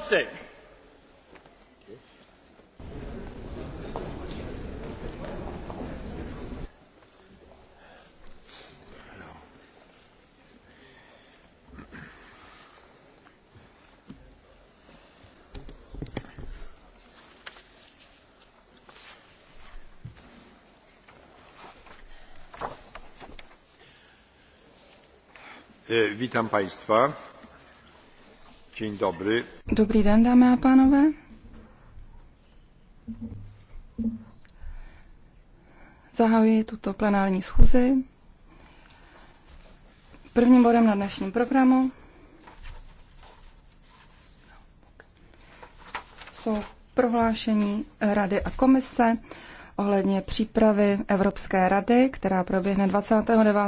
poslanci! E, witam Państwa. Dzień dobry. Dobrý den, dámy a pánové. Zahajuji tuto plenární schůzi. Prvním bodem na dnešním programu jsou prohlášení Rady a komise ohledně přípravy Evropské rady, která proběhne 29.